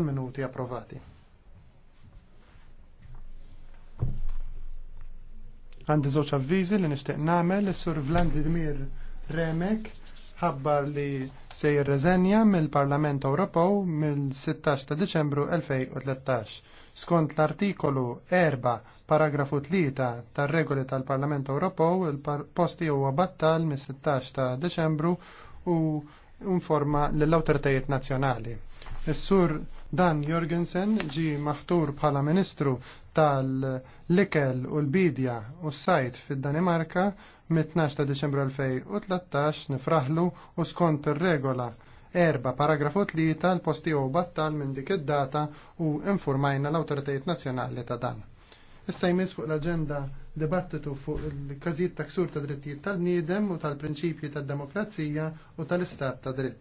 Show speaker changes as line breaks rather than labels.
minuti approvati. Għandi żewġ avviżi li nixtieq nagħmel is-Sur Vladimir Remek ħabbar li se jirreżenja mill-Parlament Ewropew mill-16 ta' Diċembru 2013. Skont l-artikolu 4 paragrafu 3 tar-regoli tal-Parlament Ewropew il-posti huwa battal mis-16 ta' Deċembru u informa l-autoritajiet nazjonali. Is-sur Dan Jorgensen ġi maħtur bħala ministru tal-likel u l-bidja u s-sajt fid-Danimarka mit-12 ta' Deċembru 2013 nifraħlu u skont ir-regola erba paragrafu tlieta l-posti u battal minn dik id-data u infurmajna l-autoritajiet nazzjonali ta' dan. Issa jmiss fuq l-agenda dibattitu fuq il-każijiet ksur ta' drittijiet tal-bniedem u tal-prinċipji tad-demokrazija
u tal-istat ta' dritt.